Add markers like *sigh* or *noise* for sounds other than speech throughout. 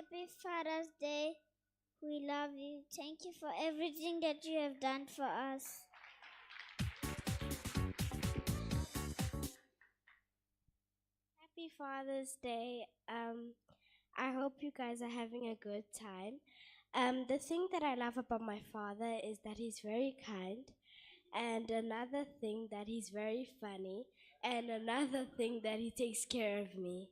Happy Father's Day. We love you. Thank you for everything that you have done for us. Happy Father's Day. Um, I hope you guys are having a good time. Um, the thing that I love about my father is that he's very kind, and another thing that he's very funny, and another thing that he takes care of me.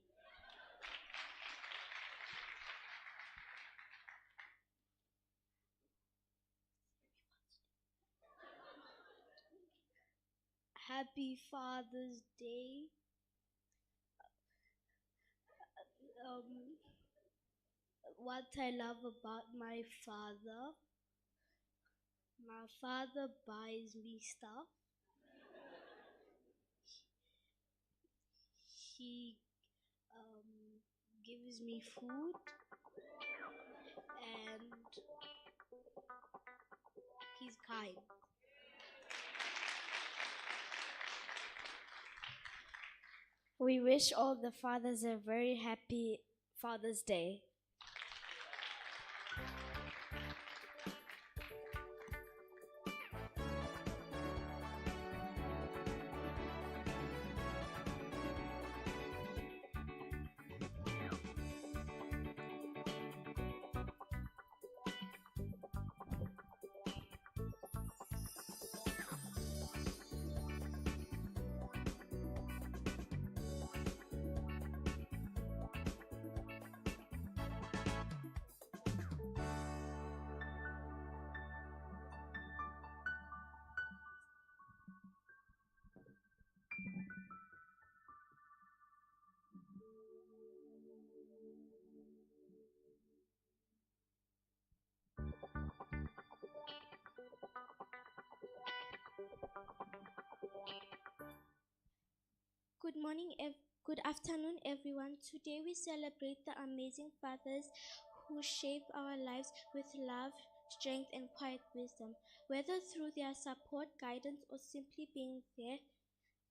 Happy Father's Day. Um, what I love about my father, my father buys me stuff. he um, gives me food and he's kind. We wish all the fathers a very happy Father's Day. Good morning, good afternoon, everyone. Today we celebrate the amazing fathers who shape our lives with love, strength, and quiet wisdom. Whether through their support, guidance, or simply being there,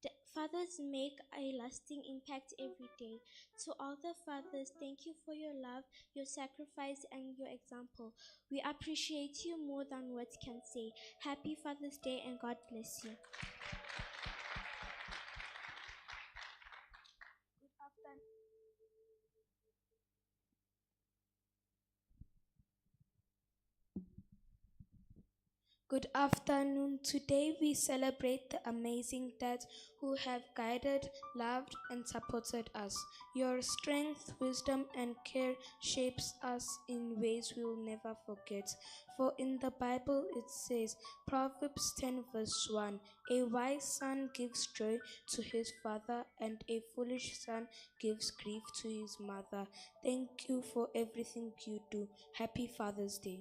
the fathers make a lasting impact every day. To all the fathers, thank you for your love, your sacrifice, and your example. We appreciate you more than words can say. Happy Father's Day, and God bless you. Good afternoon. Today we celebrate the amazing dads who have guided, loved, and supported us. Your strength, wisdom, and care shapes us in ways we will never forget. For in the Bible it says, Proverbs 10, verse 1 A wise son gives joy to his father, and a foolish son gives grief to his mother. Thank you for everything you do. Happy Father's Day.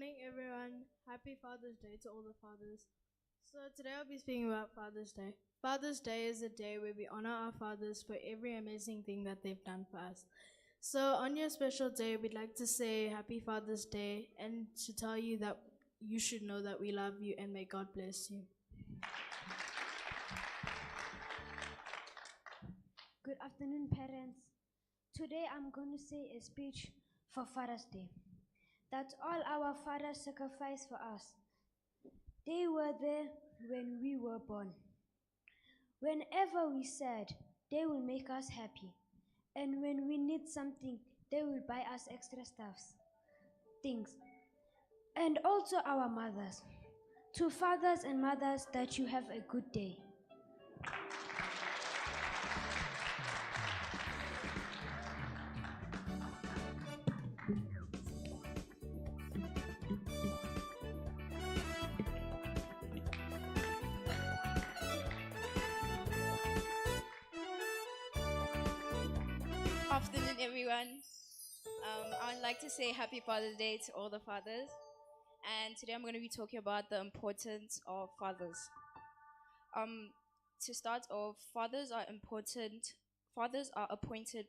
morning, everyone. Happy Father's Day to all the fathers. So, today I'll be speaking about Father's Day. Father's Day is a day where we honor our fathers for every amazing thing that they've done for us. So, on your special day, we'd like to say Happy Father's Day and to tell you that you should know that we love you and may God bless you. Good afternoon, parents. Today I'm going to say a speech for Father's Day that all our fathers sacrificed for us. They were there when we were born. Whenever we said, they will make us happy. And when we need something, they will buy us extra stuffs, things. And also our mothers. To fathers and mothers, that you have a good day. say happy Father's Day to all the fathers. And today I'm going to be talking about the importance of fathers. Um, to start off, fathers are important. Fathers are appointed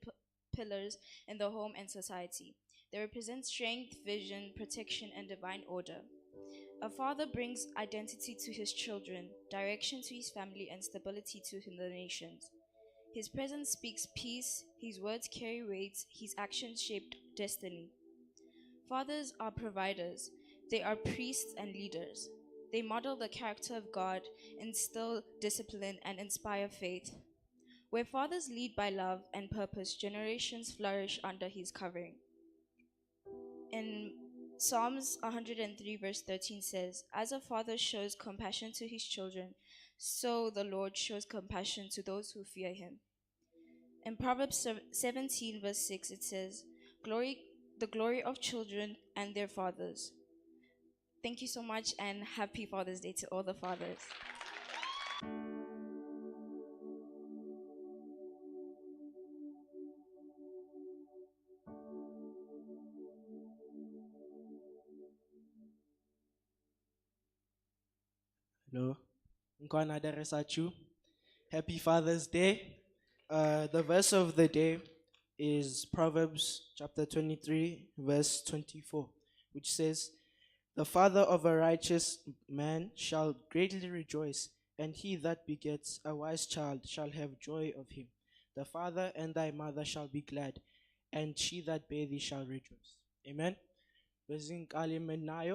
pillars in the home and society. They represent strength, vision, protection, and divine order. A father brings identity to his children, direction to his family, and stability to the nations. His presence speaks peace, his words carry weight, his actions shape destiny. Fathers are providers, they are priests and leaders. They model the character of God, instill discipline, and inspire faith. Where fathers lead by love and purpose, generations flourish under his covering. In Psalms 103, verse 13 says, As a father shows compassion to his children, so the Lord shows compassion to those who fear him. In Proverbs 17, verse 6, it says, Glory the glory of children and their fathers. Thank you so much and happy Father's Day to all the fathers. Hello. Nkwana Happy Father's Day. Uh, the verse of the day is Proverbs chapter 23, verse 24, which says, The father of a righteous man shall greatly rejoice, and he that begets a wise child shall have joy of him. The father and thy mother shall be glad, and she that bare thee shall rejoice. Amen. Uh,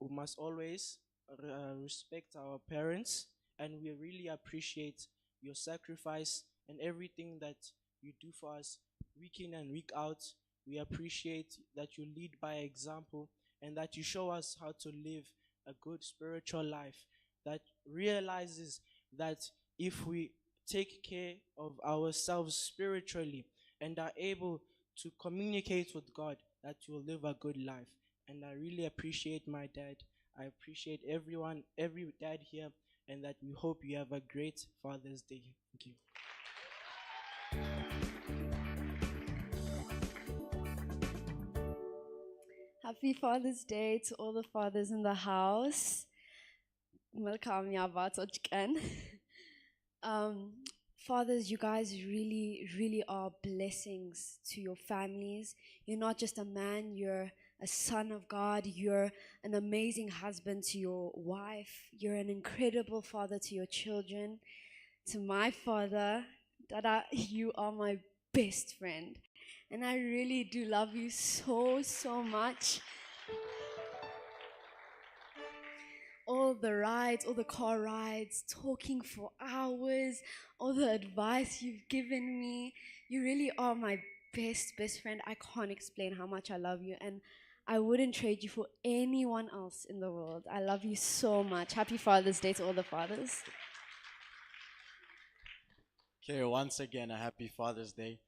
we must always uh, respect our parents, and we really appreciate your sacrifice and everything that you do for us week in and week out. We appreciate that you lead by example and that you show us how to live a good spiritual life that realizes that if we take care of ourselves spiritually and are able to communicate with God, that you will live a good life. And I really appreciate my dad. I appreciate everyone, every dad here, and that we hope you have a great Father's Day. Thank you. Happy Father's Day to all the fathers in the house. Welcome, *laughs* Um Fathers, you guys really, really are blessings to your families. You're not just a man, you're a son of God. You're an amazing husband to your wife. You're an incredible father to your children. To my father, Dada, *laughs* you are my best friend. And I really do love you so, so much. All the rides, all the car rides, talking for hours, all the advice you've given me. You really are my best, best friend. I can't explain how much I love you. And I wouldn't trade you for anyone else in the world. I love you so much. Happy Father's Day to all the fathers. Okay, once again, a happy Father's Day.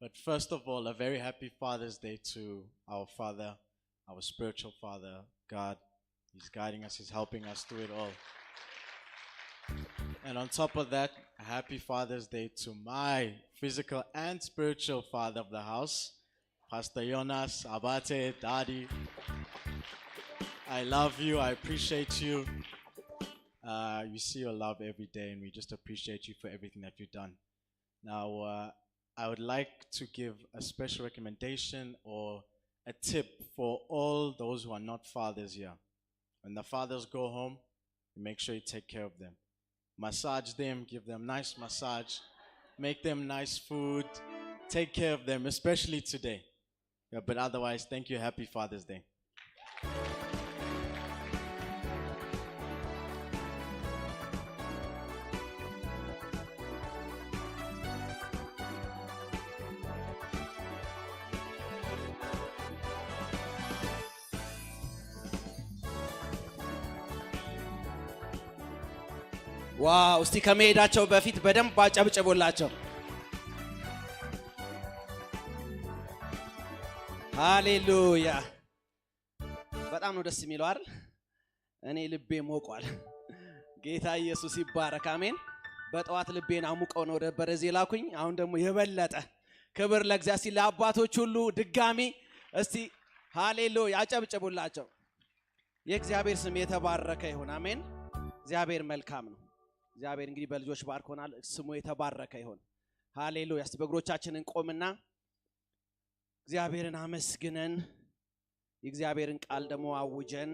But first of all, a very happy Father's Day to our Father, our spiritual Father, God. He's guiding us, He's helping us through it all. And on top of that, happy Father's Day to my physical and spiritual father of the house, Pastor Jonas Abate, Daddy. I love you, I appreciate you. Uh, you see your love every day, and we just appreciate you for everything that you've done. Now, uh, I would like to give a special recommendation or a tip for all those who are not fathers here. When the fathers go home, make sure you take care of them. Massage them, give them nice massage, make them nice food, take care of them, especially today. Yeah, but otherwise, thank you. Happy Father's Day. ዋው! እስቲ ከመሄዳቸው በፊት በደንብ አጨብጭቡላቸው። ሃሌሉያ! በጣም ነው ደስ የሚለው አይደል? እኔ ልቤ ሞቋል። ጌታ ኢየሱስ ይባረክ። አሜን። በጠዋት ልቤን አሙቀው ነው ደበረ ዜላኩኝ ላኩኝ። አሁን ደግሞ የበለጠ ክብር ለእግዚአብሔር። ሲል ለአባቶች ሁሉ ድጋሚ እስቲ ሃሌሉያ አጨብጭቡላቸው። የእግዚአብሔር ስም የተባረከ ይሁን። አሜን። እግዚአብሔር መልካም ነው። እግዚአብሔር እንግዲህ በልጆች ባርኮናል። ስሙ የተባረከ ይሁን። ሃሌሉያ። እስቲ በእግሮቻችንን ቆምና እግዚአብሔርን አመስግነን የእግዚአብሔርን ቃል ደግሞ አውጀን።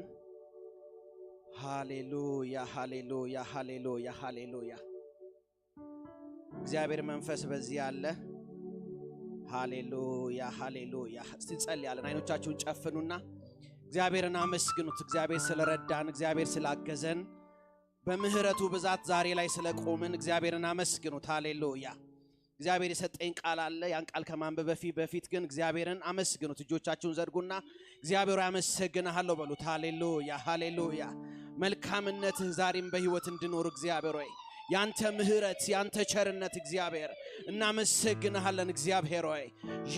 ሃሌሉያ፣ ሃሌሉያ፣ ሃሌሉያ፣ ሃሌሉያ። እግዚአብሔር መንፈስ በዚህ አለ። ሃሌሉያ፣ ሃሌሉያ። እስቲ እንጸልያለን። አይኖቻችሁን ጨፍኑና እግዚአብሔርን አመስግኑት። እግዚአብሔር ስለረዳን፣ እግዚአብሔር ስላገዘን በምህረቱ ብዛት ዛሬ ላይ ስለቆምን እግዚአብሔርን አመስግኑት። ሃሌሉያ። እግዚአብሔር የሰጠኝ ቃል አለ። ያን ቃል ከማንበብ በፊት በፊት ግን እግዚአብሔርን አመስግኑት። እጆቻችሁን ዘርጉና እግዚአብሔር ያመሰግንሃለሁ በሉት። ሃሌሉያ ሃሌሉያ። መልካምነትህ ዛሬም በህይወት እንድኖር እግዚአብሔር ሆይ ያንተ ምህረት ያንተ ቸርነት እግዚአብሔር እናመሰግንሃለን። እግዚአብሔር ሆይ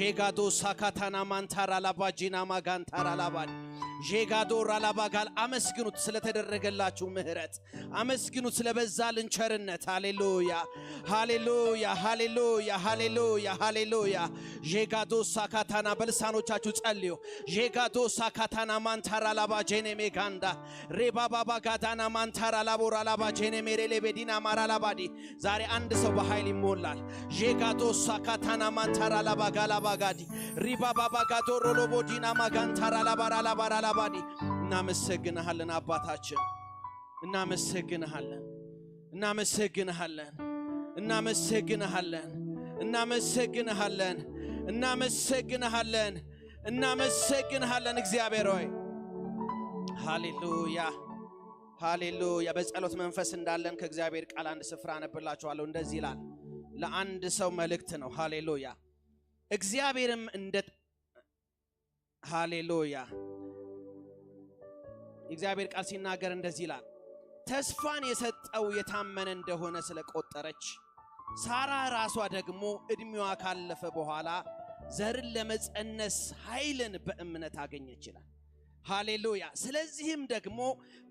ዤጋዶ ሳካታና ማንታራ ላባጂና ማጋንታራ ዤጋዶር አላባጋል አመስግኑት፣ ስለተደረገላችሁ ምሕረት አመስግኑት፣ ስለበዛልን ቸርነት። ሃሌሉያ ሃሌሉያ ሃሌሉያ ሃሌሉያ ሃሌሉያ። ዤጋዶ ሳካታና በልሳኖቻችሁ ጸልዩ። ዤጋዶ ሳካታና ማንታራ ላባ ጄኔሜ ጋንዳ ሬባባባ ጋዳና ማንታራ ላቦራ ላባ ጄኔሜ ሬሌቤዲና ማራ ላባዲ። ዛሬ አንድ ሰው በኃይል ይሞላል። ዤጋዶ ሳካታና ማንታራ ላባ ጋላባ ጋዲ ሪባባባ ጋዶ ሮሎቦዲና ማጋንታራ ላባራ ላባ ባራላባዲ እናመሰግንሃለን አባታችን፣ እናመሰግንሃለን፣ እናመሰግንሃለን፣ እናመሰግንሃለን፣ እናመሰግንሃለን፣ እናመሰግንሃለን፣ እናመሰግንሃለን። እግዚአብሔር ሆይ ሃሌሉያ ሃሌሉያ። በጸሎት መንፈስ እንዳለን ከእግዚአብሔር ቃል አንድ ስፍራ አነብላችኋለሁ። እንደዚህ ይላል። ለአንድ ሰው መልእክት ነው። ሃሌሉያ። እግዚአብሔርም እንደ ሃሌሉያ የእግዚአብሔር ቃል ሲናገር እንደዚህ ይላል፣ ተስፋን የሰጠው የታመነ እንደሆነ ስለቆጠረች ሳራ ራሷ ደግሞ እድሜዋ ካለፈ በኋላ ዘርን ለመጸነስ ኃይልን በእምነት አገኘች ይላል። ሃሌሉያ። ስለዚህም ደግሞ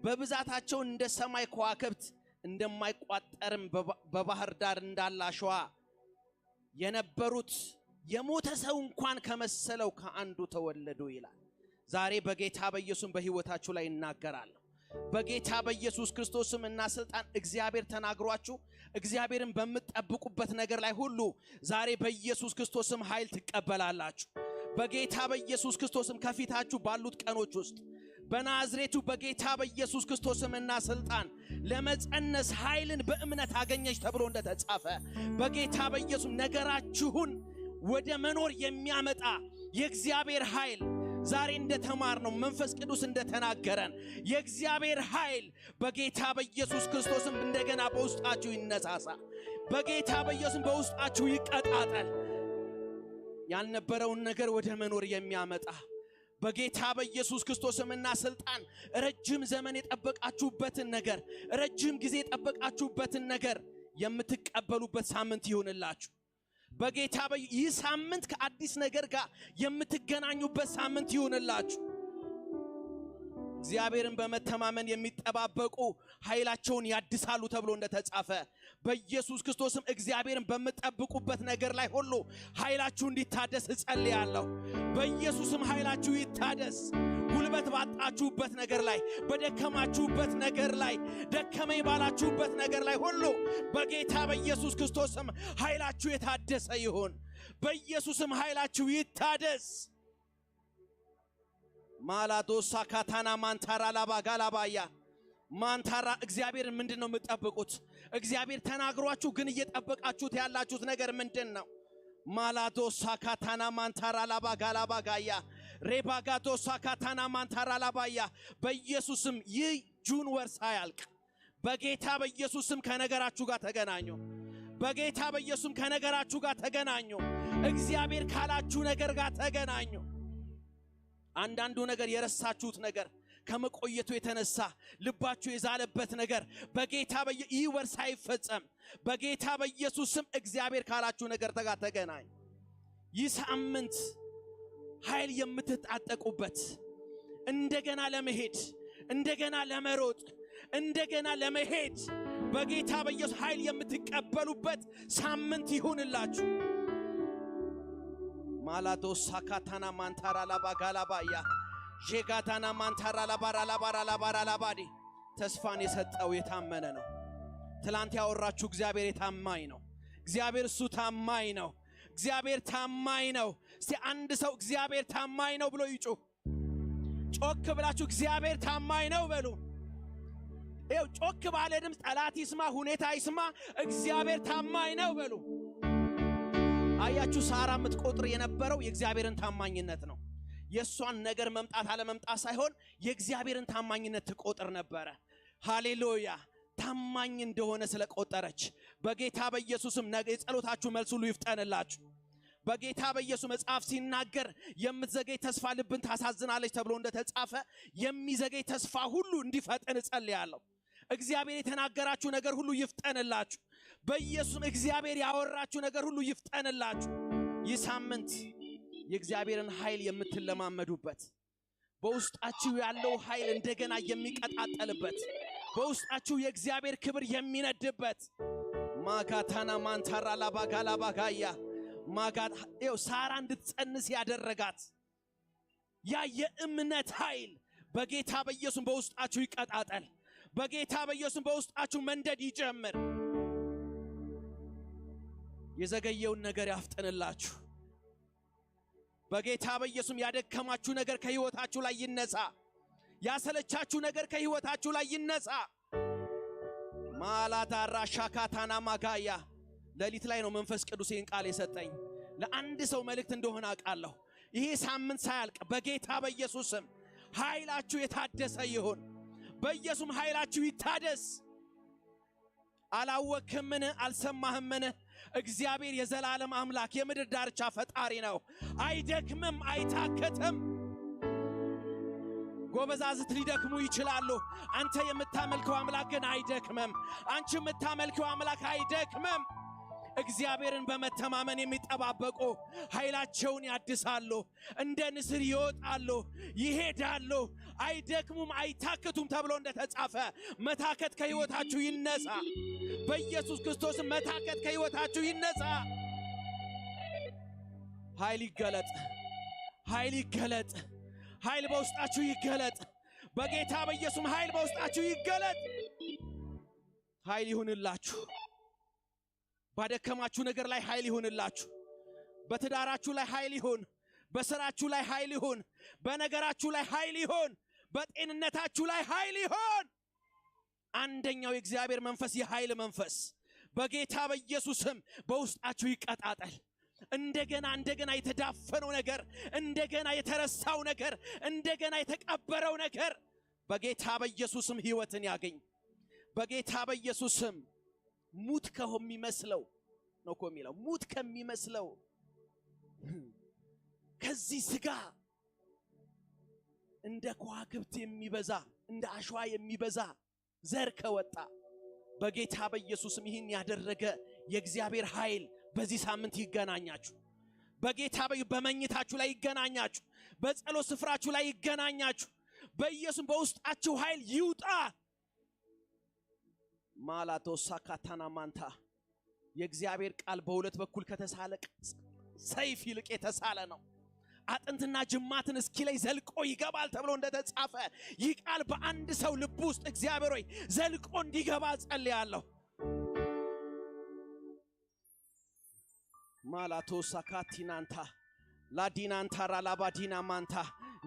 በብዛታቸው እንደ ሰማይ ከዋክብት እንደማይቋጠርም በባህር ዳር እንዳለ አሸዋ የነበሩት የሞተ ሰው እንኳን ከመሰለው ከአንዱ ተወለዱ ይላል። ዛሬ በጌታ በኢየሱስ በህይወታችሁ ላይ እናገራለሁ። በጌታ በኢየሱስ ክርስቶስ ስም እና ስልጣን እግዚአብሔር ተናግሯችሁ እግዚአብሔርን በምትጠብቁበት ነገር ላይ ሁሉ ዛሬ በኢየሱስ ክርስቶስ ስም ኃይል ትቀበላላችሁ። በጌታ በኢየሱስ ክርስቶስ ስም ከፊታችሁ ባሉት ቀኖች ውስጥ በናዝሬቱ በጌታ በኢየሱስ ክርስቶስ እና ስልጣን ለመጸነስ ኃይልን በእምነት አገኘች ተብሎ እንደተጻፈ በጌታ በኢየሱስ ነገራችሁን ወደ መኖር የሚያመጣ የእግዚአብሔር ኃይል ዛሬ እንደተማር ነው መንፈስ ቅዱስ እንደተናገረን የእግዚአብሔር ኃይል በጌታ በኢየሱስ ክርስቶስም እንደገና በውስጣችሁ ይነሳሳ። በጌታ በኢየሱስም በውስጣችሁ ይቀጣጠል። ያልነበረውን ነገር ወደ መኖር የሚያመጣ በጌታ በኢየሱስ እና ስልጣን ረጅም ዘመን የጠበቃችሁበትን ነገር ረጅም ጊዜ የጠበቃችሁበትን ነገር የምትቀበሉበት ሳምንት ይሁንላችሁ። በጌታ ይህ ሳምንት ከአዲስ ነገር ጋር የምትገናኙበት ሳምንት ይሁንላችሁ። እግዚአብሔርን በመተማመን የሚጠባበቁ ኃይላቸውን ያድሳሉ ተብሎ እንደተጻፈ በኢየሱስ ክርስቶስም እግዚአብሔርን በምጠብቁበት ነገር ላይ ሁሉ ኃይላችሁ እንዲታደስ እጸልያለሁ። በኢየሱስም ኃይላችሁ ይታደስ። ጉልበት ባጣችሁበት ነገር ላይ በደከማችሁበት ነገር ላይ ደከመኝ ባላችሁበት ነገር ላይ ሁሉ በጌታ በኢየሱስ ክርስቶስም ኃይላችሁ የታደሰ ይሁን። በኢየሱስም ኃይላችሁ ይታደስ። ማላዶሳ ካታና ማንታራ ላባ ጋላባያ ማንታራ እግዚአብሔር ምንድን ነው የምጠብቁት? እግዚአብሔር ተናግሯችሁ ግን እየጠበቃችሁት ያላችሁት ነገር ምንድን ነው? ማላዶሳ ካታና ማንታራ ላባ ጋላባ ጋያ ሬባጋቶ ሳካታና ማንታራ ላባያ በኢየሱስም ይህ ጁን ወር ሳያልቅ በጌታ በኢየሱስም ከነገራችሁ ጋር ተገናኙ። በጌታ በኢየሱስም ከነገራችሁ ጋር ተገናኙ። እግዚአብሔር ካላችሁ ነገር ጋር ተገናኙ። አንዳንዱ ነገር የረሳችሁት ነገር ከመቆየቱ የተነሳ ልባችሁ የዛለበት ነገር በጌታ ይህ ወር ሳይፈጸም በጌታ በኢየሱስም እግዚአብሔር ካላችሁ ነገር ጋር ተገናኝ። ይህ ሳምንት ኃይል የምትታጠቁበት እንደገና ለመሄድ እንደገና ለመሮጥ እንደገና ለመሄድ በጌታ በኢየሱስ ኃይል የምትቀበሉበት ሳምንት ይሁንላችሁ። ማላዶ ሳካታና ማንታራ ጋላባያ ዤጋታና ማንታራ ተስፋን የሰጠው የታመነ ነው። ትላንት ያወራችሁ እግዚአብሔር የታማኝ ነው። እግዚአብሔር እሱ ታማኝ ነው። እግዚአብሔር ታማኝ ነው። እስቲ አንድ ሰው እግዚአብሔር ታማኝ ነው ብሎ ይጩ። ጮክ ብላችሁ እግዚአብሔር ታማኝ ነው በሉ። ይኸው ጮክ ባለ ድምፅ ጠላት ይስማ፣ ሁኔታ ይስማ፣ እግዚአብሔር ታማኝ ነው በሉ። አያችሁ፣ ሳራ የምትቆጥር የነበረው የእግዚአብሔርን ታማኝነት ነው። የእሷን ነገር መምጣት አለመምጣት ሳይሆን የእግዚአብሔርን ታማኝነት ትቆጥር ነበረ። ሃሌሉያ ታማኝ እንደሆነ ስለቆጠረች በጌታ በኢየሱስም ነገ የጸሎታችሁ መልስ ሁሉ ይፍጠንላችሁ። በጌታ በኢየሱስ መጽሐፍ ሲናገር የምትዘገይ ተስፋ ልብን ታሳዝናለች ተብሎ እንደተጻፈ የሚዘገይ ተስፋ ሁሉ እንዲፈጥን እጸልያለሁ። እግዚአብሔር የተናገራችሁ ነገር ሁሉ ይፍጠንላችሁ። በኢየሱስም እግዚአብሔር ያወራችሁ ነገር ሁሉ ይፍጠንላችሁ። ይህ ሳምንት የእግዚአብሔርን ኃይል የምትለማመዱበት በውስጣችሁ ያለው ኃይል እንደገና የሚቀጣጠልበት በውስጣችሁ የእግዚአብሔር ክብር የሚነድበት ማጋታና ማንታራ ላባጋ ላባጋያ ማጋት ሳራ እንድትጸንስ ያደረጋት ያ የእምነት ኃይል በጌታ በኢየሱስ በውስጣችሁ ይቀጣጠል። በጌታ በኢየሱስ በውስጣችሁ መንደድ ይጀምር። የዘገየውን ነገር ያፍጥንላችሁ። በጌታ በኢየሱስም ያደከማችሁ ነገር ከሕይወታችሁ ላይ ይነሳ። ያሰለቻችሁ ነገር ከህይወታችሁ ላይ ይነጻ። ማላዳራ ሻካታና ማጋያ ሌሊት ላይ ነው መንፈስ ቅዱስ ይህን ቃል የሰጠኝ። ለአንድ ሰው መልእክት እንደሆነ አውቃለሁ። ይሄ ሳምንት ሳያልቅ በጌታ በኢየሱስ ስም ኃይላችሁ የታደሰ ይሁን። በኢየሱስም ኃይላችሁ ይታደስ። አላወክምን? አልሰማህምን? እግዚአብሔር የዘላለም አምላክ የምድር ዳርቻ ፈጣሪ ነው። አይደክምም፣ አይታከትም። ጎበዛዝት ሊደክሙ ይችላሉ። አንተ የምታመልከው አምላክ ግን አይደክምም አንቺ የምታመልከው አምላክ አይደክምም እግዚአብሔርን በመተማመን የሚጠባበቁ ኃይላቸውን ያድሳሉ፣ እንደ ንስር ይወጣሉ፣ ይሄዳሉ፣ አይደክሙም፣ አይታክቱም ተብሎ እንደተጻፈ መታከት ከሕይወታችሁ ይነሳ። በኢየሱስ ክርስቶስ መታከት ከሕይወታችሁ ይነሳ። ኃይል ይገለጥ፣ ኃይል ይገለጥ። ኃይል በውስጣችሁ ይገለጥ። በጌታ በኢየሱም ኃይል በውስጣችሁ ይገለጥ። ኃይል ይሁንላችሁ። ባደከማችሁ ነገር ላይ ኃይል ይሁንላችሁ። በትዳራችሁ ላይ ኃይል ይሁን። በስራችሁ ላይ ኃይል ይሁን። በነገራችሁ ላይ ኃይል ይሁን። በጤንነታችሁ ላይ ኃይል ይሁን። አንደኛው የእግዚአብሔር መንፈስ የኃይል መንፈስ በጌታ በኢየሱስም በውስጣችሁ ይቀጣጠል። እንደገና እንደገና የተዳፈነው ነገር እንደገና የተረሳው ነገር እንደገና የተቀበረው ነገር በጌታ በኢየሱስም ሕይወትን ያገኝ። በጌታ በኢየሱስም ሙት ከሚመስለው ነው እኮ የሚለው ሙት ከሚመስለው *clears throat* ከዚህ ስጋ እንደ ከዋክብት የሚበዛ እንደ አሸዋ የሚበዛ ዘር ከወጣ በጌታ በኢየሱስም ይህን ያደረገ የእግዚአብሔር ኃይል በዚህ ሳምንት ይገናኛችሁ። በጌታ በመኝታችሁ ላይ ይገናኛችሁ። በጸሎት ስፍራችሁ ላይ ይገናኛችሁ። በኢየሱስ በውስጣችሁ ኃይል ይውጣ። ማላቶሳ ካታና ማንታ የእግዚአብሔር ቃል በሁለት በኩል ከተሳለ ሰይፍ ይልቅ የተሳለ ነው። አጥንትና ጅማትን እስኪ ላይ ዘልቆ ይገባል ተብሎ እንደተጻፈ ይህ ቃል በአንድ ሰው ልብ ውስጥ እግዚአብሔር ሆይ ዘልቆ እንዲገባ ጸልያለሁ። ማላቶ ማላቶሳካቲናንታ ላዲናንታ ራላባዲና ማንታ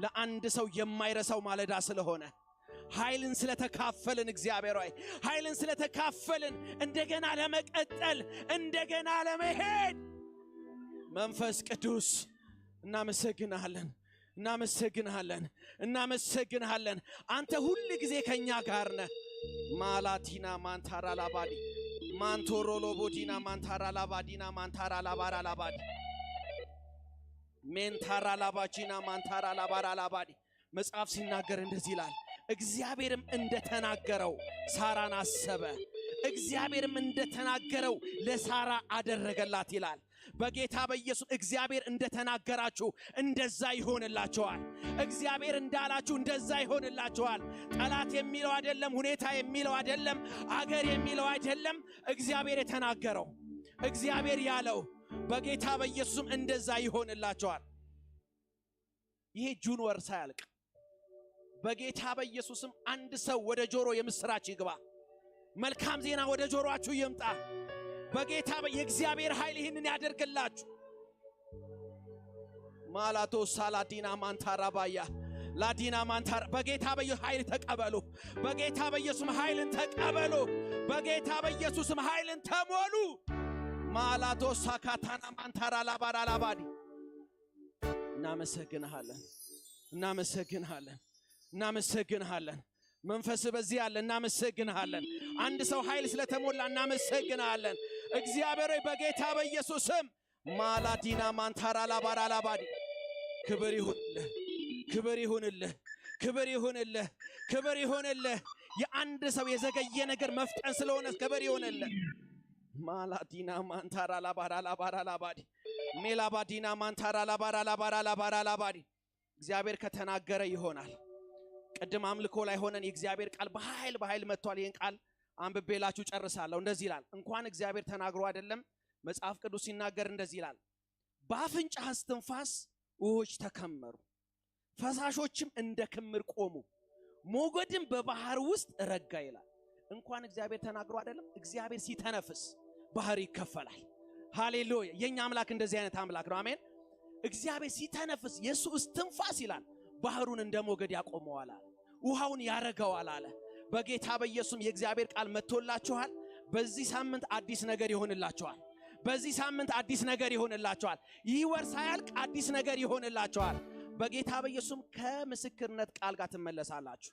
ለአንድ ሰው የማይረሳው ማለዳ ስለሆነ ኃይልን ስለተካፈልን እግዚአብሔር ሆይ ኃይልን ስለተካፈልን እንደገና ለመቀጠል እንደገና ለመሄድ መንፈስ ቅዱስ እናመሰግንሃለን እናመሰግንሃለን እናመሰግንሃለን። አንተ ሁል ጊዜ ከእኛ ጋር ነህ። ማላቲና ማንታራ ላባዲ ማንቶሮ ማንታራ ላባዲና ማንታራ ላባራ ላባዲ ሜንታራ ላባጂና ማንታራ ላባራ ላባዲ መጽሐፍ ሲናገር እንደዚህ ይላል። እግዚአብሔርም እንደተናገረው ሳራን አሰበ፣ እግዚአብሔርም እንደተናገረው ለሳራ አደረገላት ይላል። በጌታ በኢየሱስ እግዚአብሔር እንደተናገራችሁ እንደዛ ይሆንላችኋል። እግዚአብሔር እንዳላችሁ እንደዛ ይሆንላችኋል። ጠላት የሚለው አይደለም፣ ሁኔታ የሚለው አይደለም፣ አገር የሚለው አይደለም። እግዚአብሔር የተናገረው እግዚአብሔር ያለው በጌታ በኢየሱስም እንደዛ ይሆንላችኋል። ይሄ ጁን ወር ሳያልቅ በጌታ በኢየሱስም አንድ ሰው ወደ ጆሮ የምስራች ይግባ። መልካም ዜና ወደ ጆሮአችሁ ይምጣ። በጌታ የእግዚአብሔር ኃይል ይህንን ያደርግላችሁ። ማላቶሳ ላዲና ማንታራባያ ላዲና ማንታር በጌታ በኢየሱስ ኃይል ተቀበሉ። በጌታ በኢየሱስም ኃይልን ተቀበሉ። በጌታ በኢየሱስም ኃይልን ተሞሉ። ማላቶ ሳካታና ማንታራ ላባራ ላባዲ እናመሰግንሃለን፣ እናመሰግንሃለን፣ እናመሰግንሃለን። መንፈስ በዚህ አለ። እናመሰግንሃለን። አንድ ሰው ኃይል ስለተሞላ እናመሰግንሃለን። እግዚአብሔር ሆይ በጌታ በኢየሱስ ስም ማላዲና ማንታራ ላባራ ላባዲ ክብር ይሁንልህ፣ ክብር ይሁንልህ፣ ክብር ይሁንልህ፣ ክብር ይሁንልህ። የአንድ ሰው የዘገየ ነገር መፍጠን ስለሆነ ክብር ይሁንልህ። ማላዲና ማንታራ ላባራ ላባራ ላባዲ ሜላባዲና ማንታራ ላባራ ላባራ ላባራ ላባዲ እግዚአብሔር ከተናገረ ይሆናል። ቅድም አምልኮ ላይ ሆነን የእግዚአብሔር ቃል በኃይል በኃይል መጥቷል። ይህን ቃል አንብቤላችሁ ጨርሳለሁ። እንደዚህ ይላል። እንኳን እግዚአብሔር ተናግሮ አይደለም መጽሐፍ ቅዱስ ሲናገር እንደዚህ ይላል፣ በአፍንጫህ እስትንፋስ ውሆች ተከመሩ፣ ፈሳሾችም እንደ ክምር ቆሙ፣ ሞገድም በባህር ውስጥ ረጋ ይላል። እንኳን እግዚአብሔር ተናግሮ አይደለም እግዚአብሔር ሲተነፍስ ባህር ይከፈላል። ሃሌሉያ! የእኛ አምላክ እንደዚህ አይነት አምላክ ነው። አሜን። እግዚአብሔር ሲተነፍስ የእሱ እስትንፋስ ይላል ባህሩን እንደ ሞገድ ያቆመዋል አለ፣ ውሃውን ያረገዋል አለ። በጌታ በኢየሱስም የእግዚአብሔር ቃል መጥቶላችኋል። በዚህ ሳምንት አዲስ ነገር ይሆንላችኋል። በዚህ ሳምንት አዲስ ነገር ይሆንላችኋል። ይህ ወር ሳያልቅ አዲስ ነገር ይሆንላችኋል። በጌታ በኢየሱስም ከምስክርነት ቃል ጋር ትመለሳላችሁ።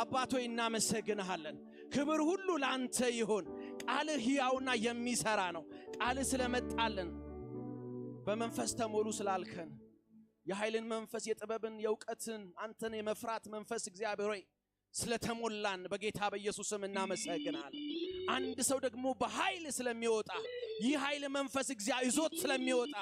አባቶ ሆይ እናመሰግንሃለን። ክብር ሁሉ ላንተ ይሆን። ቃልህ ሕያውና የሚሰራ ነው። ቃልህ ስለመጣልን በመንፈስ ተሞሉ ስላልከን የኃይልን መንፈስ የጥበብን የእውቀትን አንተን የመፍራት መንፈስ እግዚአብሔር ሆይ ስለተሞላን በጌታ በኢየሱስም እናመሰግናለን። አንድ ሰው ደግሞ በኃይል ስለሚወጣ ይህ ኃይል መንፈስ እግዚአብሔር ይዞት ስለሚወጣ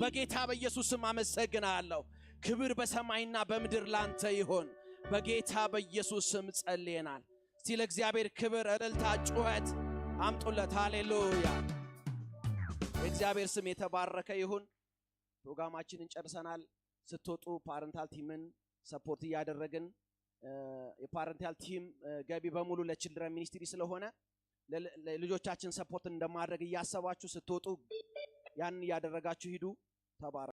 በጌታ በኢየሱስም አመሰግናለሁ። ክብር በሰማይና በምድር ላንተ ይሆን። በጌታ በኢየሱስም ጸልየናል። እስቲ ለእግዚአብሔር ክብር፣ እልልታ፣ ጩኸት አምጡለት። ሃሌሉያ! የእግዚአብሔር ስም የተባረከ ይሁን። ፕሮግራማችንን ጨርሰናል። ስትወጡ ፓረንታል ቲምን ሰፖርት እያደረግን የፓረንታል ቲም ገቢ በሙሉ ለችልድረን ሚኒስትሪ ስለሆነ ልጆቻችን ሰፖርት እንደማድረግ እያሰባችሁ ስትወጡ ያን እያደረጋችሁ ሂዱ። ተባረ